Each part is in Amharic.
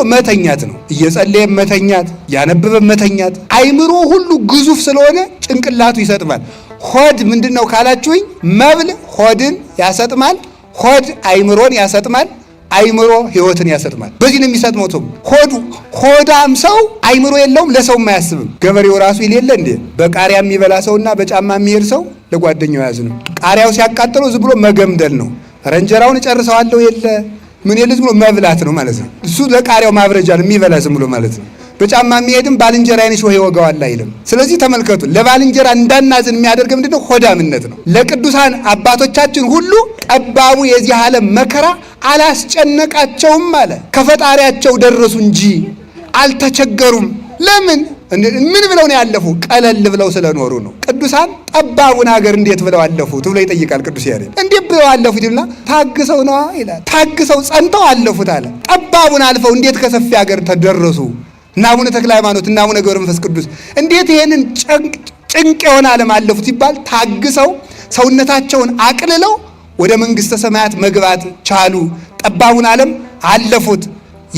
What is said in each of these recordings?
ብሎ መተኛት ነው። እየጸለየ መተኛት፣ ያነበበ መተኛት። አይምሮ ሁሉ ግዙፍ ስለሆነ ጭንቅላቱ ይሰጥማል። ሆድ ምንድን ነው ካላችሁኝ፣ መብል ሆድን ያሰጥማል። ሆድ አይምሮን ያሰጥማል። አይምሮ ህይወትን ያሰጥማል። በዚህ ነው የሚሰጥመው ሆዱ። ሆዳም ሰው አይምሮ የለውም፣ ለሰውም አያስብም። ገበሬው ራሱ ይሌለ እንዴ በቃሪያ የሚበላ ሰውና በጫማ የሚሄድ ሰው ለጓደኛው ያዝ ነው። ቃሪያው ሲያቃጥለው ዝም ብሎ መገምደል ነው። ረንጀራውን እጨርሰዋለሁ የለ ምን የልዝ ብሎ መብላት ነው ማለት ነው። እሱ ለቃሪያው ማብረጃ ነው የሚበላ ዝም ብሎ ማለት ነው። በጫማ የሚሄድም ባልንጀራዬን እሾህ ይወጋዋል አይልም። ስለዚህ ተመልከቱ፣ ለባልንጀራ እንዳናዝን የሚያደርግ ምንድነው? ሆዳምነት ነው። ለቅዱሳን አባቶቻችን ሁሉ ጠባቡ የዚህ ዓለም መከራ አላስጨነቃቸውም አለ። ከፈጣሪያቸው ደረሱ እንጂ አልተቸገሩም። ለምን? ምን ብለው ነው ያለፉ? ቀለል ብለው ስለኖሩ ነው። ቅዱሳን ጠባቡን ሀገር እንዴት ብለው አለፉ ብሎ ይጠይቃል ቅዱስ ያሬድ። እንዴት ብለው አለፉት ይልና ታግሰው ነዋ ይላል። ታግሰው ጸንተው አለፉት አለ። ጠባቡን አልፈው እንዴት ከሰፊ ሀገር ተደረሱ? እና አቡነ ተክለ ሃይማኖት እና አቡነ ገብረ መንፈስ ቅዱስ እንዴት ይሄንን ጭንቅ የሆነ ዓለም አለፉት ሲባል ታግሰው ሰውነታቸውን አቅልለው ወደ መንግሥተ ሰማያት መግባት ቻሉ። ጠባቡን ዓለም አለፉት።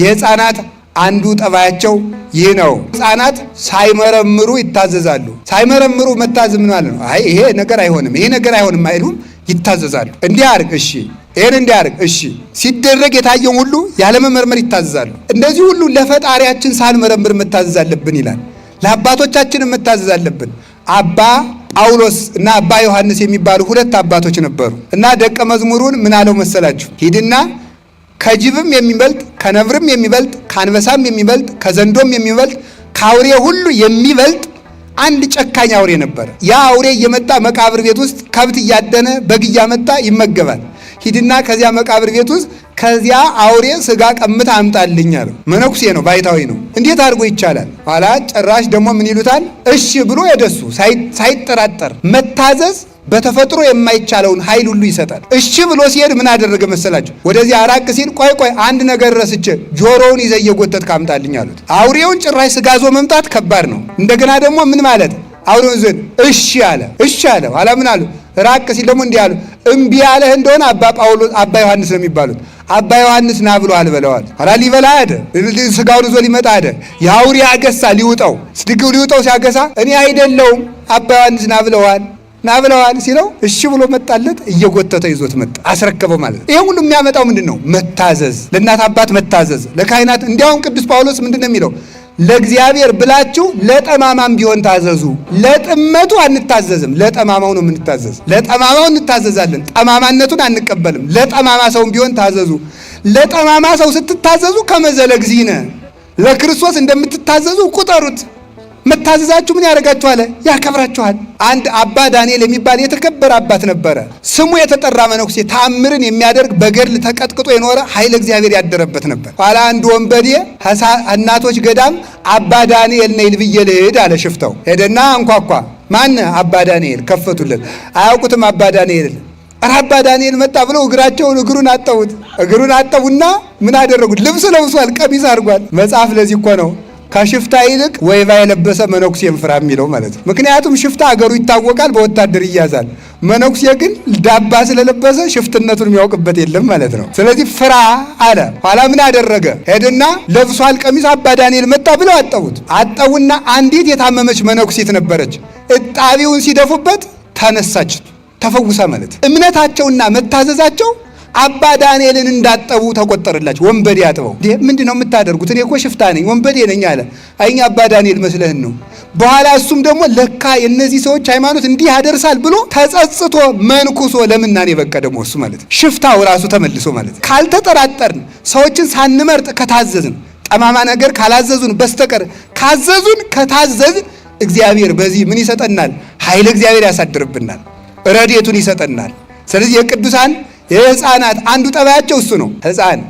የህፃናት አንዱ ጠባያቸው ይህ ነው። ህጻናት ሳይመረምሩ ይታዘዛሉ። ሳይመረምሩ መታዘዝ ምን ማለት ነው? አይ ይሄ ነገር አይሆንም፣ ይሄ ነገር አይሆንም አይሉም፣ ይታዘዛሉ። እንዲህ አርግ እሺ፣ ይህን እንዲህ አርግ እሺ። ሲደረግ የታየውን ሁሉ ያለመመርመር ይታዘዛሉ። እንደዚህ ሁሉ ለፈጣሪያችን ሳንመረምር መታዘዝ አለብን ይላል። ለአባቶቻችን መታዘዝ አለብን። አባ ጳውሎስ እና አባ ዮሐንስ የሚባሉ ሁለት አባቶች ነበሩ እና ደቀ መዝሙሩን ምን አለው መሰላችሁ? ሂድና ከጅብም የሚበልጥ ከነብርም የሚበልጥ ከአንበሳም የሚበልጥ ከዘንዶም የሚበልጥ ከአውሬ ሁሉ የሚበልጥ አንድ ጨካኝ አውሬ ነበረ። ያ አውሬ እየመጣ መቃብር ቤት ውስጥ ከብት እያደነ በግ እያመጣ ይመገባል። ሂድና ከዚያ መቃብር ቤት ውስጥ ከዚያ አውሬ ስጋ ቀምታ አምጣልኝ አለ። መነኩሴ ነው፣ ባይታዊ ነው። እንዴት አድርጎ ይቻላል? ኋላ ጭራሽ ደግሞ ምን ይሉታል? እሺ ብሎ የደሱ ሳይጠራጠር መታዘዝ በተፈጥሮ የማይቻለውን ኃይል ሁሉ ይሰጣል። እሺ ብሎ ሲሄድ ምን አደረገ መሰላችሁ ወደዚህ አራቅ ሲል ቆይ ቆይ አንድ ነገር ረስቼ ጆሮውን ይዘ እየጎተት ካምጣልኝ አሉት። አውሬውን ጭራሽ ስጋ ዞ መምጣት ከባድ ነው። እንደገና ደግሞ ምን ማለት አውሬውን ዘን እሺ አለ እሺ አለ ኋላ ምን አሉ ራቅ ሲል ደግሞ እንዲህ አሉ እምቢ ያለህ እንደሆነ አባ ጳውሎስ አባ ዮሐንስ ነው የሚባሉት። አባ ዮሐንስ ና ብሎሃል በለዋል። ኋላ ሊበላ አደ ስጋውን ይዞ ሊመጣ አደ የአውሪ አገሳ ሊውጠው ስድግው ሊውጠው ሲያገሳ እኔ አይደለውም አባ ዮሐንስ ና ብለዋል ና ብለዋል ሲለው እሺ ብሎ መጣለት። እየጎተተ ይዞት መጣ፣ አስረከበው ማለት ነው። ይሄ ሁሉ የሚያመጣው ምንድን ነው? መታዘዝ፣ ለእናት አባት መታዘዝ፣ ለካህናት። እንዲያውም ቅዱስ ጳውሎስ ምንድን ነው የሚለው ለእግዚአብሔር ብላችሁ ለጠማማም ቢሆን ታዘዙ። ለጥመቱ አንታዘዝም፣ ለጠማማው ነው የምንታዘዝ። ለጠማማው እንታዘዛለን፣ ጠማማነቱን አንቀበልም። ለጠማማ ሰውም ቢሆን ታዘዙ። ለጠማማ ሰው ስትታዘዙ ከመዘለ ለክርስቶስ እንደምትታዘዙ ቁጠሩት። መታዘዛችሁ ምን ያደርጋችኋል? ያከብራችኋል። አንድ አባ ዳንኤል የሚባል የተከበረ አባት ነበረ። ስሙ የተጠራ መነኩሴ ተአምርን የሚያደርግ በገድል ተቀጥቅጦ የኖረ ኃይለ እግዚአብሔር ያደረበት ነበር። ኋላ አንድ ወንበዴ እናቶች ገዳም አባ ዳንኤል ነይል ብዬ ልሂድ አለ። ሽፍተው ሄደና አንኳኳ። ማን? አባ ዳንኤል። ከፈቱለት። አያውቁትም አባ ዳንኤል አባ ዳንኤል መጣ ብለው እግራቸውን እግሩን አጠቡት። እግሩን አጠቡና ምን አደረጉት? ልብስ ለብሷል፣ ቀሚስ አድርጓል። መጽሐፍ ለዚህ እኮ ነው ከሽፍታ ይልቅ ወይባ የለበሰ መነኩሴን ፍራ የሚለው ማለት ነው። ምክንያቱም ሽፍታ አገሩ ይታወቃል፣ በወታደር ይያዛል። መነኩሴ ግን ዳባ ስለለበሰ ሽፍትነቱን የሚያውቅበት የለም ማለት ነው። ስለዚህ ፍራ አለ። ኋላ ምን አደረገ? ሄድና ለብሷል ቀሚስ አባ ዳንኤል መጣ ብለው አጠቡት። አጠቡና አንዲት የታመመች መነኩሴት ነበረች። እጣቢውን ሲደፉበት ተነሳች፣ ተፈውሳ ማለት እምነታቸውና መታዘዛቸው አባ ዳንኤልን እንዳጠቡ ተቆጠረላቸው። ወንበዴ አጥበው ምንድን ነው የምታደርጉት? እኔ እኮ ሽፍታ ነኝ ወንበዴ ነኝ አለ። አይኛ አባ ዳንኤል መስለህን ነው። በኋላ እሱም ደግሞ ለካ የእነዚህ ሰዎች ሃይማኖት እንዲህ ያደርሳል ብሎ ተጸጽቶ መንኩሶ ለምናኔ በቃ ደግሞ እሱ ማለት ሽፍታው ራሱ ተመልሶ ማለት ካልተጠራጠርን ሰዎችን ሳንመርጥ ከታዘዝን ጠማማ ነገር ካላዘዙን በስተቀር ካዘዙን ከታዘዝን እግዚአብሔር በዚህ ምን ይሰጠናል? ኃይለ እግዚአብሔር ያሳድርብናል፣ ረድኤቱን ይሰጠናል። ስለዚህ የቅዱሳን የህፃናት አንዱ ጠባያቸው እሱ ነው። ህፃን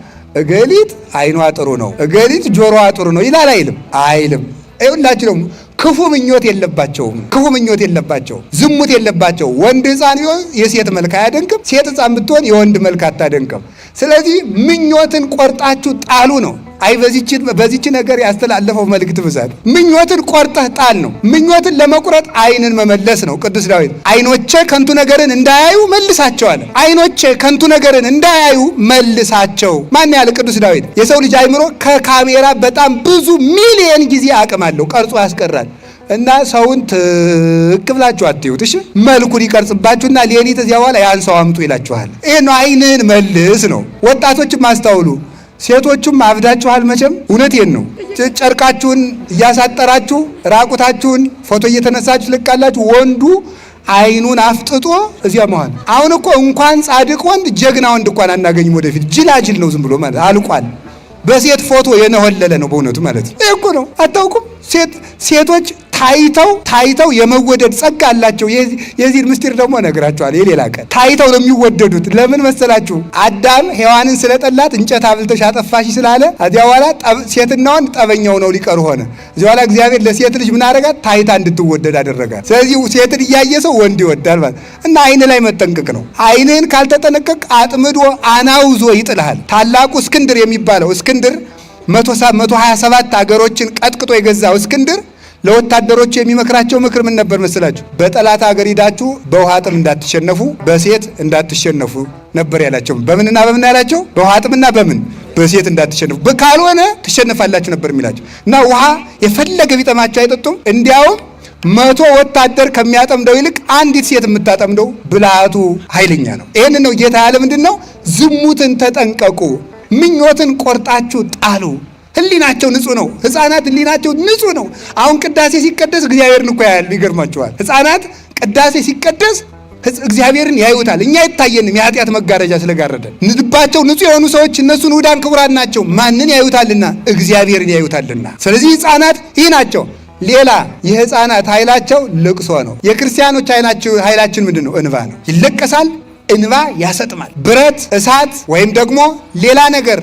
እገሊት አይኗ ጥሩ ነው፣ እገሊት ጆሮዋ ጥሩ ነው ይላል አይልም? አይልም። ይሁላችሁ ደግሞ ክፉ ምኞት የለባቸውም። ክፉ ምኞት የለባቸው፣ ዝሙት የለባቸው። ወንድ ህፃን ቢሆን የሴት መልክ አያደንቅም፣ ሴት ህፃን ብትሆን የወንድ መልክ አታደንቅም። ስለዚህ ምኞትን ቆርጣችሁ ጣሉ ነው አይ በዚች ነገር ያስተላለፈው መልእክት ብዛት ምኞትን ቆርጠህ ጣል ነው። ምኞትን ለመቁረጥ አይንን መመለስ ነው። ቅዱስ ዳዊት አይኖቼ ከንቱ ነገርን እንዳያዩ መልሳቸው አለ። አይኖቼ ከንቱ ነገርን እንዳያዩ መልሳቸው። ማን ያለ ቅዱስ ዳዊት? የሰው ልጅ አይምሮ ከካሜራ በጣም ብዙ ሚሊየን ጊዜ አቅም አለው፣ ቀርጾ ያስቀራል። እና ሰውን ትክ ብላችሁ አትዩት። እሺ መልኩን ይቀርጽባችሁና ሌሊት እዚያ በኋላ ያን ሰው አምጡ ይላችኋል። ይህ ነው አይንን መልስ ነው። ወጣቶችም አስታውሉ። ሴቶቹም አብዳችኋል መቼም። እውነቴን ነው። ጨርቃችሁን እያሳጠራችሁ ራቁታችሁን ፎቶ እየተነሳችሁ ልቃላችሁ። ወንዱ አይኑን አፍጥጦ እዚያ መሆን አሁን እኮ እንኳን ጻድቅ ወንድ ጀግና ወንድ እንኳን አናገኝም ወደፊት። ጅላጅል ነው ዝም ብሎ ማለት አልቋል። በሴት ፎቶ የነሆለለ ነው በእውነቱ ማለት ነው። ይህ እኮ ነው። አታውቁም? ሴቶች ታይተው ታይተው የመወደድ ጸጋ አላቸው። የዚህን ምስጢር ደግሞ ነግራቸዋል። የሌላ ቀን። ታይተው ለሚወደዱት ለምን መሰላችሁ? አዳም ሔዋንን ስለጠላት እንጨት አብልተሽ አጠፋሽ ስላለ እዚያ በኋላ ሴትና ወንድ ጠበኛው ነው ሊቀር ሆነ። እዚያ በኋላ እግዚአብሔር ለሴት ልጅ ምን አረጋት? ታይታ እንድትወደድ አደረጋት። ስለዚህ ሴትን እያየ ሰው ወንድ ይወዳል ማለት እና አይን ላይ መጠንቀቅ ነው። አይንህን ካልተጠነቀቅ አጥምዶ አናውዞ ይጥልሃል። ታላቁ እስክንድር የሚባለው እስክንድር መቶ ሀያ ሰባት ሀገሮችን ቀጥቅጦ የገዛው እስክንድር ለወታደሮች የሚመክራቸው ምክር ምን ነበር መስላችሁ? በጠላት ሀገር ሂዳችሁ በውሃ ጥም እንዳትሸነፉ፣ በሴት እንዳትሸነፉ ነበር ያላቸው። በምንና በምን ያላቸው? በውሃ ጥምና በምን በሴት እንዳትሸነፉ ካልሆነ ትሸነፋላችሁ ነበር የሚላቸው እና ውሃ የፈለገ ቢጠማቸው አይጠጡም። እንዲያውም መቶ ወታደር ከሚያጠምደው ይልቅ አንዲት ሴት የምታጠምደው ብልሃቱ ኃይለኛ ነው። ይህን ነው ጌታ ያለ ምንድን ነው? ዝሙትን ተጠንቀቁ፣ ምኞትን ቆርጣችሁ ጣሉ ህሊናቸው ንጹህ ነው። ህፃናት ህሊናቸው ንጹህ ነው። አሁን ቅዳሴ ሲቀደስ እግዚአብሔርን እኮ ያያሉ። ይገርማቸዋል። ህፃናት ቅዳሴ ሲቀደስ እግዚአብሔርን ያዩታል። እኛ አይታየንም፣ የኃጢአት መጋረጃ ስለጋረደ። ልባቸው ንጹህ የሆኑ ሰዎች እነሱን ውዳን ክቡራን ናቸው። ማንን ያዩታልና? እግዚአብሔርን ያዩታልና። ስለዚህ ህፃናት ይህ ናቸው። ሌላ የህፃናት ኃይላቸው ልቅሶ ነው። የክርስቲያኖች ኃይላችን ምንድን ነው? እንባ ነው። ይለቀሳል፣ እንባ ያሰጥማል። ብረት፣ እሳት ወይም ደግሞ ሌላ ነገር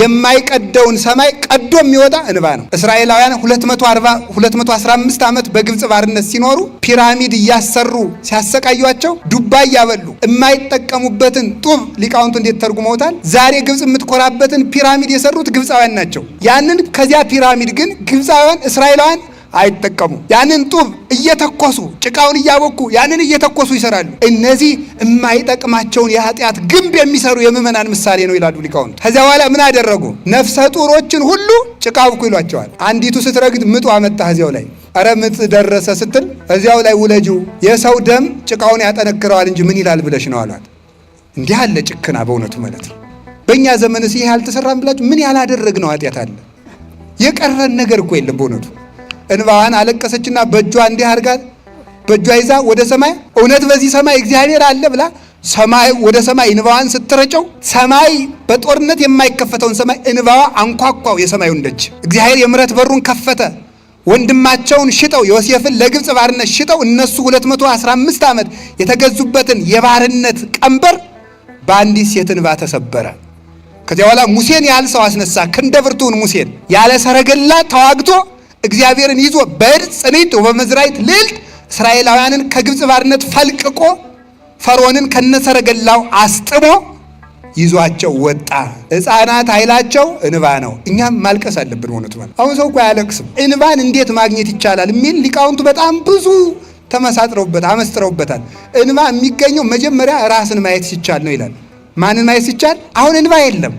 የማይቀደውን ሰማይ ቀዶ የሚወጣ እንባ ነው። እስራኤላውያን 215 ዓመት በግብፅ ባርነት ሲኖሩ ፒራሚድ እያሰሩ ሲያሰቃዩቸው ዱባ እያበሉ የማይጠቀሙበትን ጡብ ሊቃውንቱ እንዴት ተርጉመውታል? ዛሬ ግብፅ የምትኮራበትን ፒራሚድ የሰሩት ግብፃውያን ናቸው። ያንን ከዚያ ፒራሚድ ግን ግብፃውያን እስራኤላውያን አይጠቀሙ ያንን ጡብ እየተኮሱ ጭቃውን እያቦኩ ያንን እየተኮሱ ይሰራሉ። እነዚህ የማይጠቅማቸውን የኃጢአት ግንብ የሚሰሩ የምዕመናን ምሳሌ ነው ይላሉ ሊቃውንቱ። ከዚያ በኋላ ምን አደረጉ? ነፍሰ ጡሮችን ሁሉ ጭቃ አብኩ ይሏቸዋል። አንዲቱ ስትረግድ ምጡ አመጣ እዚያው ላይ እረ ምጥ ደረሰ ስትል እዚያው ላይ ውለጂው የሰው ደም ጭቃውን ያጠነክረዋል እንጂ ምን ይላል ብለሽ ነው አሏት። እንዲህ አለ ጭክና በእውነቱ ማለት ነው። በእኛ ዘመንስ ይህ አልተሰራም ብላችሁ ምን ያላደረግነው ኃጢአት አለ? የቀረን ነገር እኮ የለም በእውነቱ እንባዋን አለቀሰችና በእጇ እንዲህ አርጋት በእጇ ይዛ ወደ ሰማይ እውነት በዚህ ሰማይ እግዚአብሔር አለ ብላ ሰማይ ወደ ሰማይ እንባዋን ስትረጨው ሰማይ በጦርነት የማይከፈተውን ሰማይ እንባዋ አንኳኳው የሰማዩን ደጅ። እግዚአብሔር የምሕረት በሩን ከፈተ። ወንድማቸውን ሽጠው ዮሴፍን ለግብፅ ባርነት ሽጠው እነሱ 215 ዓመት የተገዙበትን የባርነት ቀንበር በአንዲት ሴት እንባ ተሰበረ። ከዚያ በኋላ ሙሴን ያህል ሰው አስነሳ። ክንደ ብርቱን ሙሴን ያለ ሰረገላ ተዋግቶ እግዚአብሔርን ይዞ በእድ ጽኒት ወበመዝራይት ልዕልት እስራኤላውያንን ከግብፅ ባርነት ፈልቅቆ ፈርዖንን ከነሰረገላው አስጥሞ ይዟቸው ወጣ። ህፃናት ኃይላቸው እንባ ነው። እኛም ማልቀስ አለብን። እውነቱ ማለት አሁን ሰው እኮ አያለቅስም። እንባን እንዴት ማግኘት ይቻላል የሚል ሊቃውንቱ በጣም ብዙ ተመሳጥረውበት አመስጥረውበታል። እንባ የሚገኘው መጀመሪያ ራስን ማየት ሲቻል ነው ይላል። ማንን ማየት ሲቻል? አሁን እንባ የለም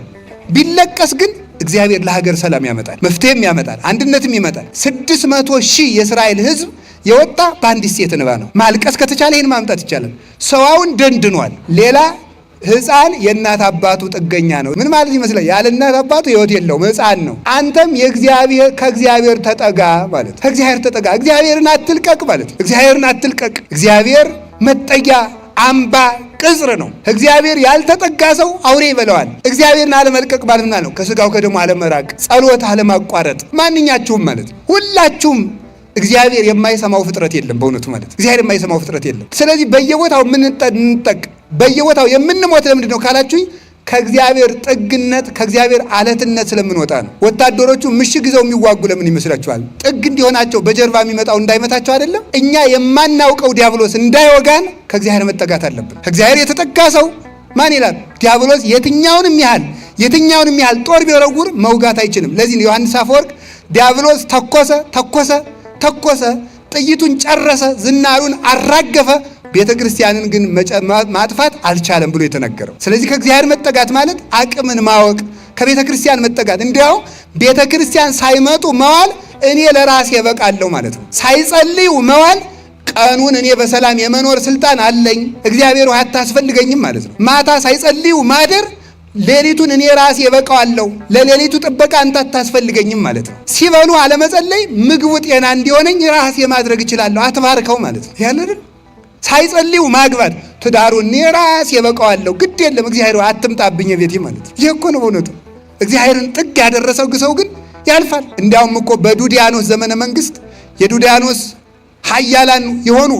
ቢለቀስ ግን እግዚአብሔር ለሀገር ሰላም ያመጣል፣ መፍትሄም ያመጣል፣ አንድነትም ይመጣል። ስድስት መቶ ሺህ የእስራኤል ህዝብ የወጣ በአንዲት ሴት እንባ ነው። ማልቀስ ከተቻለ ይህን ማምጣት ይቻላል። ሰዋውን ደንድኗል። ሌላ ህፃን የእናት አባቱ ጥገኛ ነው። ምን ማለት ይመስላል? ያለ እናት አባቱ ህይወት የለውም፣ ህፃን ነው። አንተም የእግዚአብሔር ከእግዚአብሔር ተጠጋ ማለት ከእግዚአብሔር ተጠጋ፣ እግዚአብሔርን አትልቀቅ ማለት እግዚአብሔርን አትልቀቅ። እግዚአብሔር መጠጊያ አምባ ቅጽር ነው። እግዚአብሔር ያልተጠጋ ሰው አውሬ ይበለዋል። እግዚአብሔርን አለመልቀቅ ባልና ነው ከስጋው ከደሞ አለመራቅ፣ ጸሎት አለማቋረጥ። ማንኛችሁም ማለት ሁላችሁም እግዚአብሔር የማይሰማው ፍጥረት የለም። በእውነቱ ማለት እግዚአብሔር የማይሰማው ፍጥረት የለም። ስለዚህ በየቦታው የምንጠቅ በየቦታው የምንሞት ለምንድን ነው ካላችሁኝ ከእግዚአብሔር ጥግነት ከእግዚአብሔር አለትነት ስለምንወጣ ነው። ወታደሮቹ ምሽግ ይዘው የሚዋጉ ለምን ይመስላችኋል? ጥግ እንዲሆናቸው በጀርባ የሚመጣው እንዳይመታቸው አይደለም። እኛ የማናውቀው ዲያብሎስ እንዳይወጋን ከእግዚአብሔር መጠጋት አለብን። እግዚአብሔር የተጠጋ ሰው ማን ይላል? ዲያብሎስ የትኛውንም ያህል የትኛውንም ያህል ጦር ቢወረውር መውጋት አይችልም። ለዚህ ነው ዮሐንስ አፈወርቅ ዲያብሎስ ተኮሰ ተኮሰ ተኮሰ ጥይቱን ጨረሰ፣ ዝናሩን አራገፈ ቤተ ክርስቲያንን ግን ማጥፋት አልቻለም ብሎ የተነገረው። ስለዚህ ከእግዚአብሔር መጠጋት ማለት አቅምን ማወቅ፣ ከቤተ ክርስቲያን መጠጋት። እንዲያው ቤተ ክርስቲያን ሳይመጡ መዋል እኔ ለራሴ በቃለሁ ማለት ነው። ሳይጸልዩ መዋል ቀኑን እኔ በሰላም የመኖር ስልጣን አለኝ፣ እግዚአብሔር ውሃ አታስፈልገኝም ማለት ነው። ማታ ሳይጸልዩ ማደር ሌሊቱን እኔ ራሴ በቃዋለሁ፣ ለሌሊቱ ጥበቃ አንተ አታስፈልገኝም ማለት ነው። ሲበሉ አለመጸለይ ምግቡ ጤና እንዲሆነኝ ራሴ ማድረግ እችላለሁ፣ አትባርከው ማለት ነው ያለ ሳይጸልዩ ማግባት ትዳሩ እኔ ራስ የበቀዋለሁ ግድ የለም እግዚአብሔር አትምጣብኝ ቤቴ ማለት ይህ እኮ ነው በእውነቱ። እግዚአብሔርን ጥግ ያደረሰው ግሰው ግን ያልፋል። እንዲያውም እኮ በዱዲያኖስ ዘመነ መንግስት የዱዲያኖስ ሀያላን የሆኑ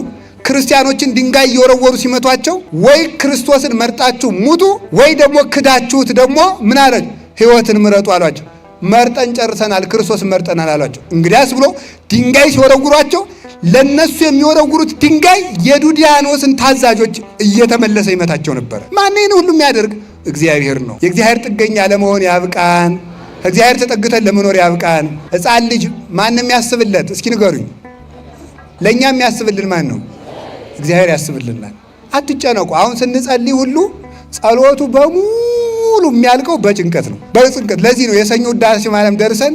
ክርስቲያኖችን ድንጋይ እየወረወሩ ሲመቷቸው ወይ ክርስቶስን መርጣችሁ ሙቱ ወይ ደግሞ ክዳችሁት ደግሞ ምን አለ ህይወትን ምረጡ አሏቸው። መርጠን ጨርሰናል፣ ክርስቶስን መርጠናል አሏቸው። እንግዲያስ ብሎ ድንጋይ ሲወረውሯቸው ለነሱ የሚወረውሩት ድንጋይ የዱዲያኖስን ታዛዦች እየተመለሰ ይመታቸው ነበር። ማን ይህን ሁሉ የሚያደርግ? እግዚአብሔር ነው። የእግዚአብሔር ጥገኛ ለመሆን ያብቃን። እግዚአብሔር ተጠግተን ለመኖር ያብቃን። ሕፃን ልጅ ማን የሚያስብለት? እስኪ ንገሩኝ። ለእኛ የሚያስብልን ማን ነው? እግዚአብሔር ያስብልናል። አትጨነቁ። አሁን ስንጸልይ ሁሉ ጸሎቱ በሙሉ የሚያልቀው በጭንቀት ነው፣ በጭንቀት ለዚህ ነው የሰኞ ውዳሴ ማርያም ደርሰን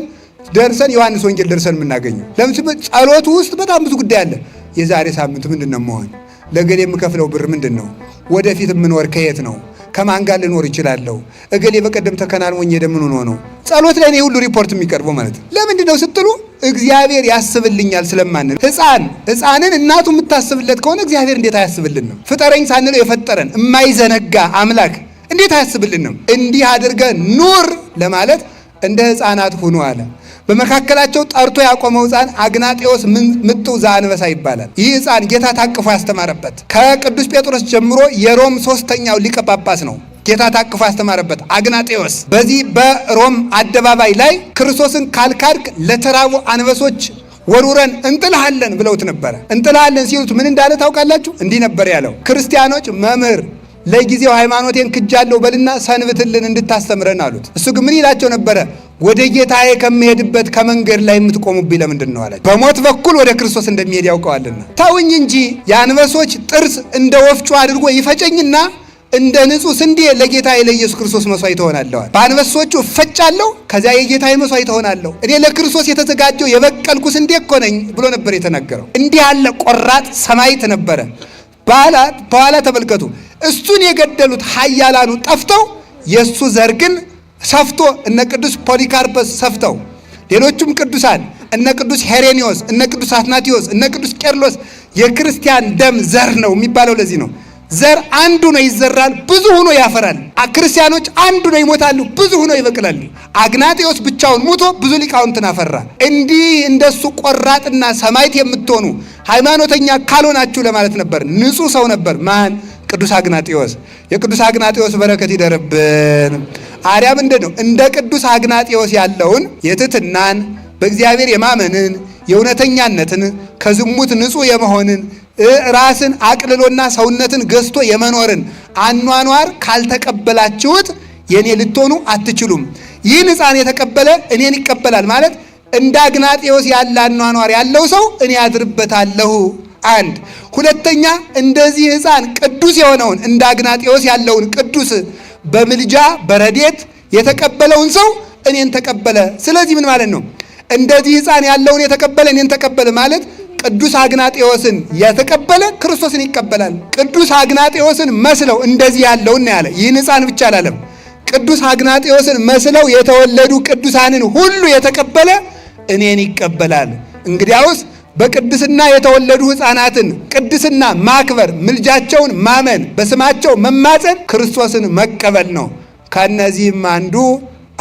ደርሰን ዮሐንስ ወንጌል ደርሰን የምናገኘው ለምን ጸሎቱ ውስጥ በጣም ብዙ ጉዳይ አለ። የዛሬ ሳምንት ምንድን ነው መሆን ለእገሌ የምከፍለው ብር ምንድን ነው? ወደፊት የምኖር ከየት ነው? ከማን ጋር ልኖር ይችላለሁ እገሌ በቀደም ተከናንሞኝ ሄደ ምን ሆኖ ነው? ጸሎት ላይ ሁሉ ሪፖርት የሚቀርበው ማለት ነው። ለምንድን ነው ስትሉ እግዚአብሔር ያስብልኛል ስለማንል ህፃን ህፃንን እናቱ የምታስብለት ከሆነ እግዚአብሔር እንዴት ነው? ፍጠረኝ ሳንለው የፈጠረን የማይዘነጋ አምላክ እንዴት አያስብልንም? እንዲህ አድርገህ ኑር ለማለት እንደ ህፃናት ሁኑ አለ። በመካከላቸው ጠርቶ ያቆመው ሕፃን አግናጤዎስ ምጡ ዛንበሳ ይባላል። ይህ ሕፃን ጌታ ታቅፎ ያስተማረበት ከቅዱስ ጴጥሮስ ጀምሮ የሮም ሶስተኛው ሊቀ ጳጳስ ነው። ጌታ ታቅፎ ያስተማረበት አግናጤዎስ በዚህ በሮም አደባባይ ላይ ክርስቶስን ካልካድክ ለተራቡ አንበሶች ወሩረን እንጥልሃለን ብለውት ነበረ። እንጥልሃለን ሲሉት ምን እንዳለ ታውቃላችሁ? እንዲህ ነበር ያለው፣ ክርስቲያኖች መምህር ለጊዜው ሃይማኖቴን ክጃለሁ በልና ሰንብትልን እንድታስተምረን አሉት። እሱ ግን ምን ይላቸው ነበረ? ወደ ጌታዬ ከምሄድበት ከመንገድ ላይ የምትቆሙብኝ ለምንድን ነው አላቸው። በሞት በኩል ወደ ክርስቶስ እንደሚሄድ ያውቀዋልና ተውኝ እንጂ የአንበሶች ጥርስ እንደ ወፍጮ አድርጎ ይፈጨኝና እንደ ንጹህ ስንዴ ለጌታዬ ለኢየሱስ ክርስቶስ መስዋዕት እሆናለሁ። በአንበሶቹ እፈጫለሁ፣ ከዚያ የጌታዬ መስዋዕት እሆናለሁ። እኔ ለክርስቶስ የተዘጋጀው የበቀልኩ ስንዴ እኮ ነኝ ብሎ ነበር የተናገረው። እንዲህ ያለ ቆራጥ ሰማዕት ነበረ። በኋላ ተመልከቱ እሱን የገደሉት ኃያላኑ ጠፍተው የእሱ ዘር ግን ሰፍቶ እነ ቅዱስ ፖሊካርፐስ ሰፍተው ሌሎቹም ቅዱሳን እነ ቅዱስ ሄሬኒዎስ፣ እነ ቅዱስ አትናቴዎስ፣ እነ ቅዱስ ቄርሎስ የክርስቲያን ደም ዘር ነው የሚባለው ለዚህ ነው። ዘር አንዱ ነው ይዘራል፣ ብዙ ሆኖ ያፈራል። ክርስቲያኖች አንዱ ነው ይሞታሉ፣ ብዙ ሆኖ ይበቅላሉ። አግናጤዎስ ብቻውን ሞቶ ብዙ ሊቃውንትን አፈራ። እንዲህ እንደሱ ቆራጥና ሰማይት የምትሆኑ ሃይማኖተኛ ካልሆናችሁ ለማለት ነበር። ንጹህ ሰው ነበር ማን ቅዱስ አግናጢዎስ። የቅዱስ አግናጢዎስ በረከት ይደርብን። አርያም ምንድን ነው? እንደ ቅዱስ አግናጢዎስ ያለውን የትትናን በእግዚአብሔር የማመንን የእውነተኛነትን ከዝሙት ንጹህ የመሆንን ራስን አቅልሎና ሰውነትን ገዝቶ የመኖርን አኗኗር ካልተቀበላችሁት የእኔ ልትሆኑ አትችሉም። ይህን ሕፃን የተቀበለ እኔን ይቀበላል ማለት እንደ አግናጢዎስ ያለ አኗኗር ያለው ሰው እኔ አድርበታለሁ አንድ ሁለተኛ እንደዚህ ሕፃን ቅዱስ የሆነውን እንደ አግናጤዎስ ያለውን ቅዱስ በምልጃ በረዴት የተቀበለውን ሰው እኔን ተቀበለ። ስለዚህ ምን ማለት ነው? እንደዚህ ሕፃን ያለውን የተቀበለ እኔን ተቀበለ ማለት ቅዱስ አግናጤዎስን የተቀበለ ክርስቶስን ይቀበላል። ቅዱስ አግናጤዎስን መስለው እንደዚህ ያለውን ያለ። ይህን ሕፃን ብቻ አላለም። ቅዱስ አግናጤዎስን መስለው የተወለዱ ቅዱሳንን ሁሉ የተቀበለ እኔን ይቀበላል። እንግዲያውስ በቅድስና የተወለዱ ሕፃናትን ቅድስና ማክበር፣ ምልጃቸውን ማመን፣ በስማቸው መማፀን ክርስቶስን መቀበል ነው። ከእነዚህም አንዱ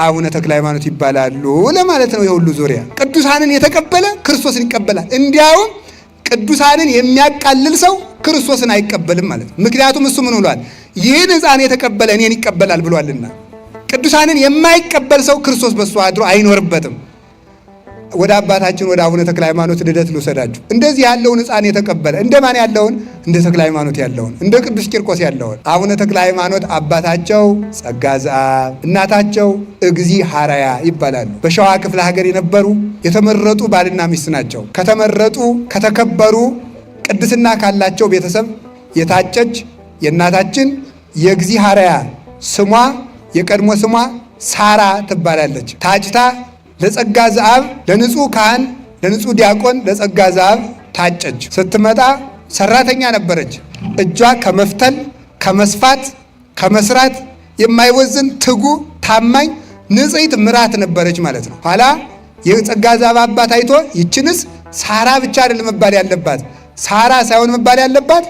አቡነ ተክለ ሃይማኖት ይባላሉ ለማለት ነው። የሁሉ ዙሪያ ቅዱሳንን የተቀበለ ክርስቶስን ይቀበላል። እንዲያውም ቅዱሳንን የሚያቃልል ሰው ክርስቶስን አይቀበልም ማለት ነው። ምክንያቱም እሱ ምን ብሏል? ይህን ሕፃን የተቀበለ እኔን ይቀበላል ብሏልና። ቅዱሳንን የማይቀበል ሰው ክርስቶስ በሱ አድሮ አይኖርበትም። ወደ አባታችን ወደ አቡነ ተክለ ሃይማኖት ልደት ልውሰዳችሁ። እንደዚህ ያለውን ህፃን የተቀበለ እንደማን ያለውን እንደ ተክለ ሃይማኖት ያለውን እንደ ቅዱስ ቂርቆስ ያለውን አቡነ ተክለ ሃይማኖት አባታቸው ጸጋ ዘአብ እናታቸው እግዚአብሔር ይባላሉ። በሸዋ ክፍለ ሀገር የነበሩ የተመረጡ ባልና ሚስት ናቸው። ከተመረጡ ከተከበሩ ቅድስና ካላቸው ቤተሰብ የታጨች የእናታችን የእግዚአብሔር ስሟ የቀድሞ ስሟ ሳራ ትባላለች። ታጭታ ለጸጋ ዘአብ ለንጹህ ካህን ለንጹህ ዲያቆን ለጸጋ ዘአብ ታጨች። ስትመጣ ሰራተኛ ነበረች። እጇ ከመፍተል ከመስፋት ከመስራት የማይወዝን ትጉ ታማኝ ንጽሕት ምራት ነበረች ማለት ነው። ኋላ የጸጋ ዘአብ አባት አይቶ ይችንስ ሳራ ብቻ አይደል መባል ያለባት ሳራ ሳይሆን መባል ያለባት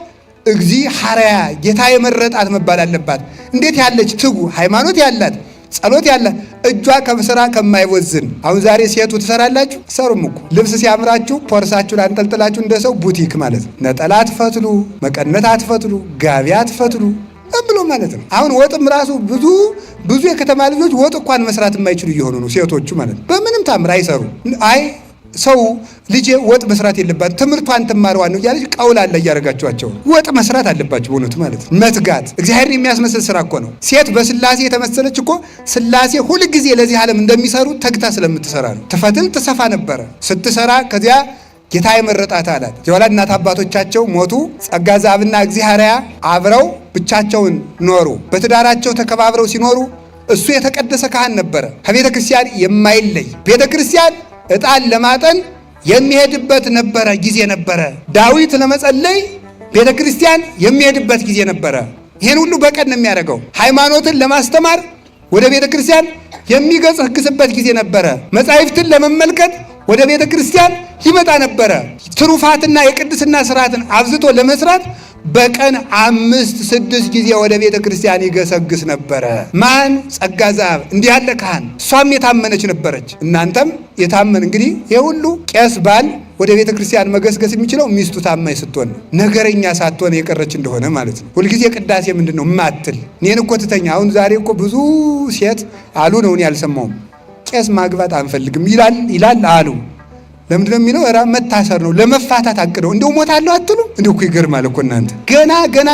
እግዚ ሐረያ ጌታ የመረጣት መባል አለባት። እንዴት ያለች ትጉ ሃይማኖት ያላት ጸሎት ያለ እጇ ከስራ ከማይወዝን አሁን ዛሬ ሴቱ ትሰራላችሁ ሰሩም እኮ ልብስ ሲያምራችሁ ፖርሳችሁ አንጠልጥላችሁ እንደ ሰው ቡቲክ ማለት ነው። ነጠላ አትፈትሉ፣ መቀነት አትፈትሉ፣ ጋቢ አትፈትሉ ብሎ ማለት ነው። አሁን ወጥም ራሱ ብዙ ብዙ የከተማ ልጆች ወጥ እንኳን መስራት የማይችሉ እየሆኑ ነው ሴቶቹ ማለት ነው። በምንም ታምር አይሰሩ አይ ሰው ልጄ ወጥ መስራት የለባት ትምህርቷን ትማርዋን ነው እያለች ቀውላ አለ እያደረጋችኋቸው ወጥ መስራት አለባቸው። በእውነቱ ማለት መትጋት እግዚአብሔር የሚያስመስል ስራ እኮ ነው። ሴት በስላሴ የተመሰለች እኮ ስላሴ ሁልጊዜ ለዚህ ዓለም እንደሚሰሩ ተግታ ስለምትሰራ ነው። ትፈትን ትሰፋ ነበረ ስትሰራ ከዚያ ጌታ የመረጣት አላት። ጀዋላ እናት አባቶቻቸው ሞቱ። ጸጋ ዛብና አብረው ብቻቸውን ኖሩ። በትዳራቸው ተከባብረው ሲኖሩ እሱ የተቀደሰ ካህን ነበረ፣ ከቤተ ክርስቲያን የማይለይ ቤተ ክርስቲያን ዕጣን ለማጠን የሚሄድበት ነበረ ጊዜ ነበረ። ዳዊት ለመጸለይ ቤተ ክርስቲያን የሚሄድበት ጊዜ ነበረ። ይህን ሁሉ በቀን ነው የሚያደርገው። ሃይማኖትን ለማስተማር ወደ ቤተ ክርስቲያን ህግስበት ጊዜ ነበረ። መጻሕፍትን ለመመልከት ወደ ቤተ ክርስቲያን ይመጣ ነበረ። ትሩፋትና የቅድስና ስርዓትን አብዝቶ ለመስራት በቀን አምስት ስድስት ጊዜ ወደ ቤተ ክርስቲያን ይገሰግስ ነበረ። ማን ጸጋ ዘአብ እንዲህ ያለ ካህን፣ እሷም የታመነች ነበረች። እናንተም የታመን እንግዲህ ይህ ሁሉ ቄስ ባል ወደ ቤተ ክርስቲያን መገስገስ የሚችለው ሚስቱ ታማኝ ስትሆን ነገረኛ ሳትሆን የቀረች እንደሆነ ማለት ነው። ሁልጊዜ ቅዳሴ ምንድን ነው ማትል እኔን እኮ ትተኛ። አሁን ዛሬ እኮ ብዙ ሴት አሉ ነው እኔ አልሰማውም ቄስ ማግባት አንፈልግም ይላል ይላል አሉ ለምንድን ነው የሚለው? ራብ መታሰር ነው ለመፋታት አቅደው እንደው ሞታለሁ አትሉ? እንደው እኮ ይገርማል እኮ እናንተ ገና ገና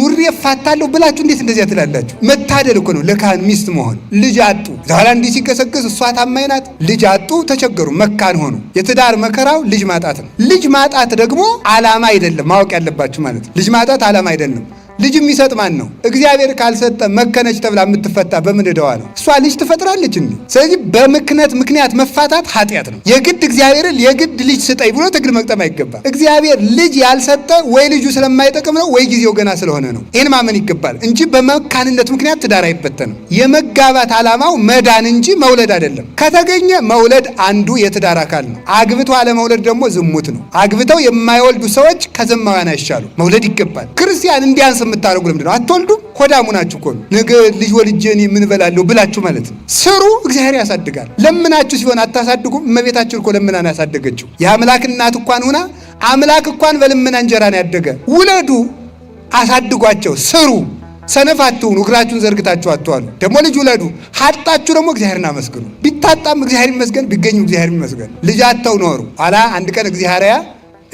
ኑሬ እፋታለሁ ብላችሁ እንዴት እንደዚያ ትላላችሁ? መታደል እኮ ነው ለካህን ሚስት መሆን። ልጅ አጡ ዛላ እንዲህ ሲገሰገስ እሷ ታማኝ ናት። ልጅ አጡ ተቸገሩ፣ መካን ሆኑ። የትዳር መከራው ልጅ ማጣት ነው። ልጅ ማጣት ደግሞ አላማ አይደለም ማወቅ ያለባችሁ ማለት ነው። ልጅ ማጣት አላማ አይደለም። ልጅ የሚሰጥ ማን ነው? እግዚአብሔር ካልሰጠ መከነች ተብላ የምትፈታ በምን እደዋ ነው? እሷ ልጅ ትፈጥራለች እንዴ? ስለዚህ በምክነት ምክንያት መፋታት ኃጢአት ነው። የግድ እግዚአብሔርን የግድ ልጅ ስጠኝ ብሎ ትግል መቅጠም አይገባል። እግዚአብሔር ልጅ ያልሰጠ ወይ ልጁ ስለማይጠቅም ነው ወይ ጊዜው ገና ስለሆነ ነው። ይህን ማመን ይገባል እንጂ በመካንነት ምክንያት ትዳር አይበተንም። የመጋባት ዓላማው መዳን እንጂ መውለድ አይደለም። ከተገኘ መውለድ አንዱ የትዳር አካል ነው። አግብቶ አለመውለድ ደግሞ ዝሙት ነው። አግብተው የማይወልዱ ሰዎች ከዘማውያን አይሻሉ። መውለድ ይገባል። ክርስቲያን እንዲያንስ የምታደርጉ ለምንድን ነው? አትወልዱ? ኮዳሙ ናችሁ እኮ ነው። ነገ ልጅ ወልጄ እኔ ምን እበላለሁ ብላችሁ ማለት ነው። ስሩ፣ እግዚአብሔር ያሳድጋል። ለምናችሁ ሲሆን አታሳድጉም? እመቤታችን እኮ ለምናን ያሳደገችው የአምላክ እናት እንኳን ሁና አምላክ እንኳን በልመና እንጀራን ያደገ። ውለዱ፣ አሳድጓቸው፣ ስሩ ሰነፍ አትሁኑ። እግራችሁን ዘርግታችሁ አትዋሉ። ደግሞ ልጅ ውለዱ። ሀጣችሁ ደግሞ እግዚአብሔርን አመስግኑ። ቢታጣም እግዚአብሔር ይመስገን፣ ቢገኝም እግዚአብሔር ይመስገን። ልጅ አተው ኖሩ አላ አንድ ቀን እግዚአብሔር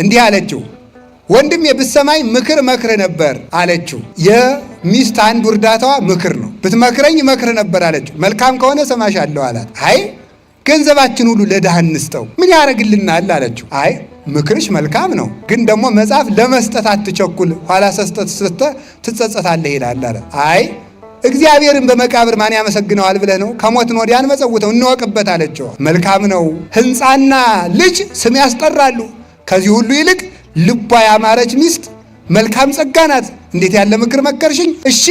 እንዲህ አለችው ወንድሜ ብትሰማኝ ምክር መክር ነበር አለችው። የሚስት አንዱ እርዳታዋ ምክር ነው። ብትመክረኝ መክር ነበር አለችው። መልካም ከሆነ እሰማሻለሁ አላት። አይ ገንዘባችን ሁሉ ለድሃ እንስጠው ምን ያደርግልናል አለችው። አይ ምክርሽ መልካም ነው፣ ግን ደግሞ መጽሐፍ ለመስጠት አትቸኩል፣ ኋላ ሰስጠት ስተ ትጸጸታለህ ይላል አለ። አይ እግዚአብሔርን በመቃብር ማን ያመሰግነዋል ብለህ ነው? ከሞትን ወዲያ አንመጸውተው እንወቅበት አለችው። መልካም ነው፣ ህንፃና ልጅ ስም ያስጠራሉ። ከዚህ ሁሉ ይልቅ ልቧ ያማረች ሚስት መልካም ጸጋ ናት። እንዴት ያለ ምክር መከርሽኝ! እሺ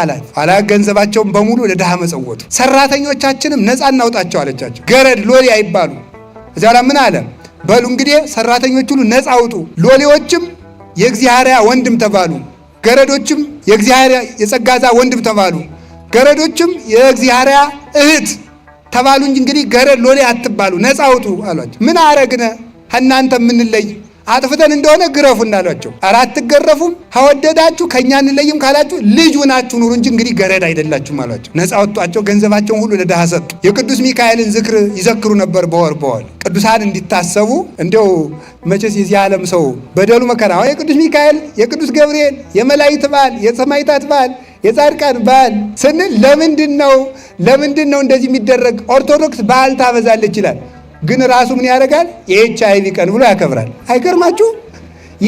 አላት። ኋላ ገንዘባቸውን በሙሉ ለድሃ መጸወቱ። ሰራተኞቻችንም ነፃ እናውጣቸው አለቻቸው። ገረድ ሎሌ አይባሉ። እዚያ ምን አለ? በሉ እንግዲህ ሰራተኞች ሁሉ ነፃ አውጡ። ሎሌዎችም የእግዚአርያ ወንድም ተባሉ። ገረዶችም የእግዚአርያ የጸጋዛ ወንድም ተባሉ። ገረዶችም የእግዚአርያ እህት ተባሉ እንጂ እንግዲህ ገረድ ሎሌ አትባሉ፣ ነፃ አውጡ አሏቸው። ምን አረግነ ከእናንተ የምንለይ አጥፍተን እንደሆነ ግረፉን አሏቸው። ኧረ አትገረፉም፣ ከወደዳችሁ ከእኛ እንለይም ካላችሁ ልጁ ናችሁ ኑሩ እንጂ እንግዲህ ገረድ አይደላችሁም አሏቸው። ነፃ ወጧቸው። ገንዘባቸውን ሁሉ ለድሃ ሰጡ። የቅዱስ ሚካኤልን ዝክር ይዘክሩ ነበር በወር በወር ቅዱሳን እንዲታሰቡ። እንዲው መቼስ የዚህ ዓለም ሰው በደሉ መከራ የቅዱስ ሚካኤል የቅዱስ ገብርኤል የመላእክት በዓል የሰማዕታት በዓል የጻድቃን በዓል ስንል ለምንድን ነው ለምንድን ነው እንደዚህ የሚደረግ? ኦርቶዶክስ በዓል ታበዛለች ይላል። ግን ራሱ ምን ያደርጋል? የኤች ቪ ቀን ብሎ ያከብራል። አይገርማችሁ?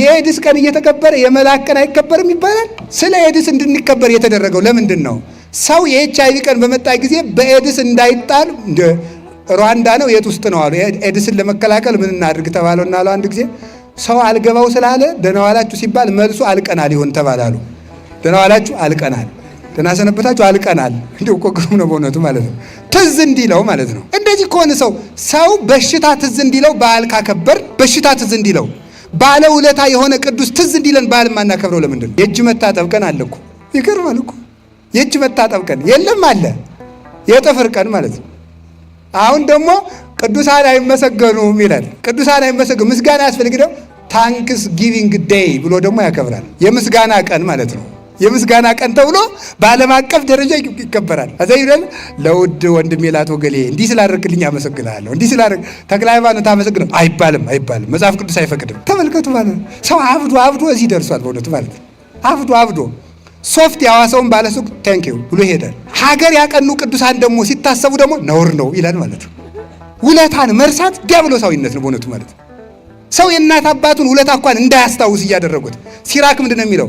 የኤድስ ቀን እየተከበረ የመላክ ቀን አይከበርም ይባላል። ስለ ኤድስ እንድንከበር የተደረገው ለምንድን ነው? ሰው የኤች ቪ ቀን በመጣ ጊዜ በኤድስ እንዳይጣል ሩዋንዳ ነው የት ውስጥ ነው አሉ። ኤድስን ለመከላከል ምን እናድርግ ተባለውና አሉ አንድ ጊዜ ሰው አልገባው ስላለ ደህና ዋላችሁ ሲባል መልሱ አልቀናል ይሆን ተባላሉ። ደህና ዋላችሁ አልቀናል ደህና ሰነበታችሁ አልቀናል። እንዲሁ እኮ ግሩም ነው በእውነቱ ማለት ነው። ትዝ እንዲለው ማለት ነው። እንደዚህ ከሆነ ሰው ሰው በሽታ ትዝ እንዲለው በዓል ካከበር በሽታ ትዝ እንዲለው ባለ ውለታ የሆነ ቅዱስ ትዝ እንዲለን በዓል ማናከብረው ለምንድን ነው? የእጅ መታጠብ ቀን አለ እኮ ይገርማል እኮ የእጅ መታጠብ ቀን የለም አለ የጥፍር ቀን ማለት ነው። አሁን ደግሞ ቅዱሳን አይመሰገኑም ይላል። ቅዱሳን አይመሰገኑ ምስጋና ያስፈልግደው ታንክስ ጊቪንግ ዴይ ብሎ ደግሞ ያከብራል። የምስጋና ቀን ማለት ነው። የምስጋና ቀን ተብሎ በዓለም አቀፍ ደረጃ ይከበራል። ከዛ ይለን ለውድ ወንድሜ ላቶ ገሌ እንዲህ ስላደረግልኝ አመሰግናለሁ፣ እንዲህ ስላደረግ ተክለ ሃይማኖት አመሰግነው አይባልም፣ አይባልም። መጽሐፍ ቅዱስ አይፈቅድም። ተመልከቱ ማለት ሰው አብዶ አብዶ እዚህ ደርሷል። በእውነቱ ማለት አብዶ አብዶ ሶፍት ያዋሰውን ባለሱቅ ታንክ ዩ ብሎ ይሄዳል። ሀገር ያቀኑ ቅዱሳን ደግሞ ሲታሰቡ ደግሞ ነውር ነው ይላል ማለት ነው። ውለታን መርሳት ዲያብሎሳዊነት ነው በእውነቱ ማለት ሰው የእናት አባቱን ውለታ እንኳን እንዳያስታውስ እያደረጉት ሲራክ ምንድን ነው የሚለው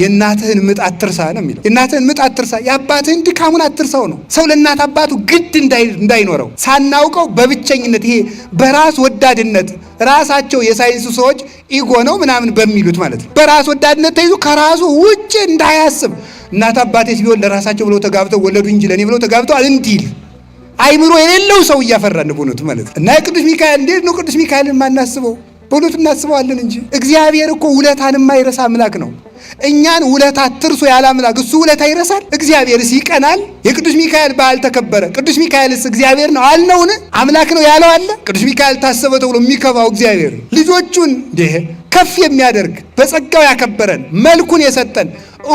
የእናትህን ምጥ አትርሳ ነው የሚለው። የእናትህን ምጥ አትርሳ፣ የአባትህን ድካሙን አትርሳው ነው። ሰው ለእናት አባቱ ግድ እንዳይኖረው ሳናውቀው በብቸኝነት ይሄ በራስ ወዳድነት ራሳቸው የሳይንሱ ሰዎች ኢጎ ነው ምናምን በሚሉት ማለት ነው። በራስ ወዳድነት ተይዞ ከራሱ ውጭ እንዳያስብ እናት አባቴስ ቢሆን ለራሳቸው ብለው ተጋብተው ወለዱ እንጂ ለእኔ ብለው ተጋብተው እንዲል አይምሮ የሌለው ሰው እያፈራን በእውነቱ ማለት እና የቅዱስ ሚካኤል እንዴት ነው ቅዱስ ሚካኤልን ማናስበው? በእውነቱ እናስበዋለን እንጂ እግዚአብሔር እኮ ውለታን የማይረሳ አምላክ ነው። እኛን ውለታ አትርሶ ያለ አምላክ እሱ ውለታ ይረሳል? እግዚአብሔርስ ይቀናል? የቅዱስ ሚካኤል በዓል ተከበረ። ቅዱስ ሚካኤልስ እግዚአብሔር ነው አልነውን? አምላክ ነው ያለው አለ? ቅዱስ ሚካኤል ታሰበ ተብሎ የሚከፋው እግዚአብሔር ልጆቹን ዴ ከፍ የሚያደርግ በጸጋው ያከበረን መልኩን የሰጠን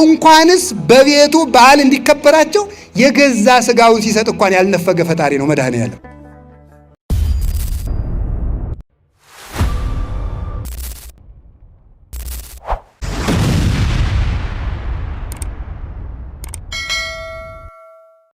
እንኳንስ በቤቱ በዓል እንዲከበራቸው የገዛ ስጋውን ሲሰጥ እንኳን ያልነፈገ ፈጣሪ ነው መድኃኔ ዓለም።